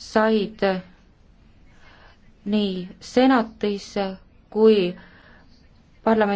said nii senatis kui